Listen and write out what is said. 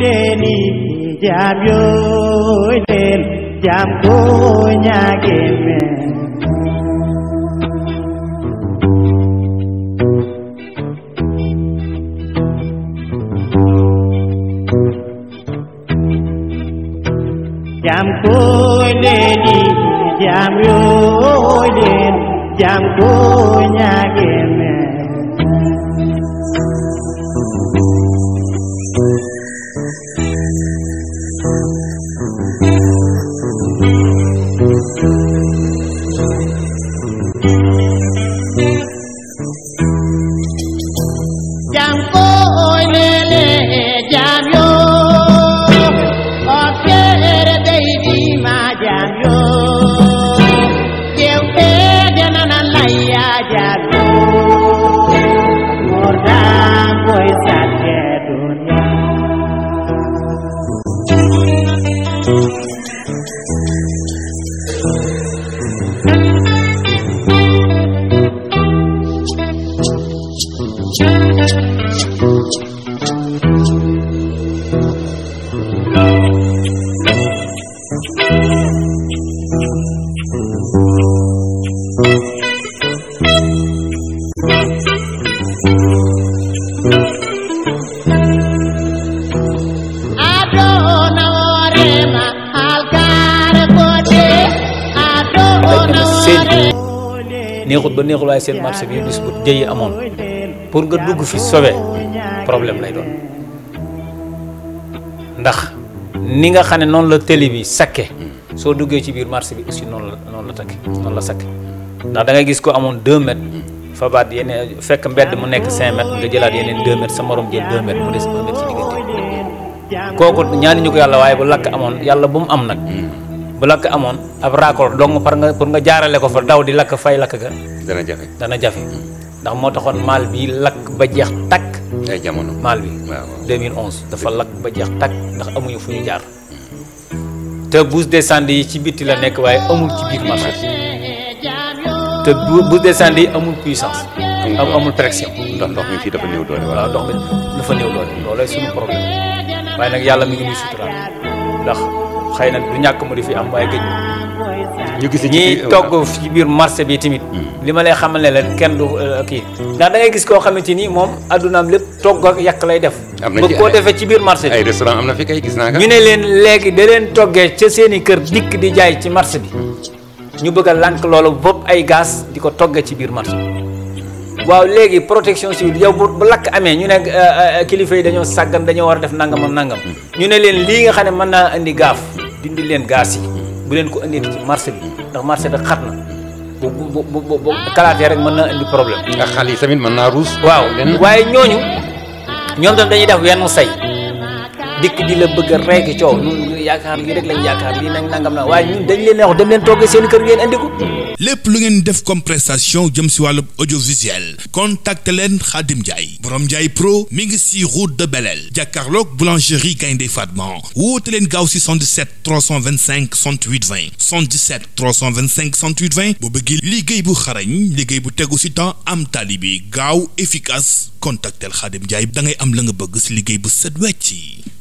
deni jam yo den jam ko nya geme jam ko deni jam yo den jam ko nya geme chàng cô ơi lên Thank you. neexut ba neexul waaye seen marché bi bis bu jëyi amoon pour nga dugg fi sauver problème lay doon ndax ni nga xam ne noonu la télé bi sakke soo duggee ci biir marché bi aussi noonu la noonu la takke noonu la sakke ndax da ngay gis ko amoon 2 mètres fa baat yeneen fekk mbedd mu nekk 5 mètres nga jëlaat yeneen 2 mètres sa morom jël 2 mu des 1 mètre ci kooku ñaani ñu ko yàlla waaye bu lakk amoon yàlla bu mu am nag bu amon ab raccord dong par nga pour nga jaarale ko fa daw di lakk fay lak ga dana jafé dana jafé hmm. ndax mo taxone mal bi lak ba jeex tak ay jamono mal bi 2011 dafa lak ba jeex tak ndax amuñu fuñu jaar hmm. te bous des yi ci biti la nek waaye amul ci bir marché te bous des amul puissance am amul pression ndax ndox mi fi dafa néew doone wala ndox mi dafa néew doone lolay suñu problème waaye nak yalla mi ngi ni sutural ndax xeyna oh. ya hmm. du ñak mu di fi am way geñ ñu gis ci togg fi bir marché bi timit lima lay xamal ne la kenn du ki da da ngay gis ko xamanteni ni aduna am lepp togg ak yak lay def bu ko defé ci bir marché ay restaurant amna fi kay gis nga ñu ne len léegi da len toggee ci seeni kër dik di jaay ci marché bi ñu bëgg lank lànk loolu bopp ay gaz diko ko ci bir marché waaw léegi protection civile yow bu bu lakk amee ñu ne eh, eh, kilifa yi dañoo sàggan dañoo war a def nangam ak nangam hmm. ñu ne leen lii nga xam ne mën naa indi gaaf dindi leen gaas yi bu leen ko indee ci marché bi ndax marché bi xat na bu bu bu bu kalaatee rek mën naa indi problème. ak xal tamit waaw ñooñu tam dañuy def say dik di la bëgg yaakaar lii rek lañ yaakaar lii nangam na waaye ñun dañ leen wax dem leen seen kër lépp lu ngeen def comme prestation jëm si wàllu audiovisuel contacte leen xadim Ndiaye borom Ndiaye pro mi ngi si route de Belel jàkkaarloog boulangerie Gaynde Fatma woote leen gaaw si 77 325 68 20 77 325 68 20 bu bëggee liggéey bu xarañ liggéey bu tegu si temps am talibi gaaw efficace contactel xadim Ndiaye da ngay am la nga bëgg si liggéey bu set wecc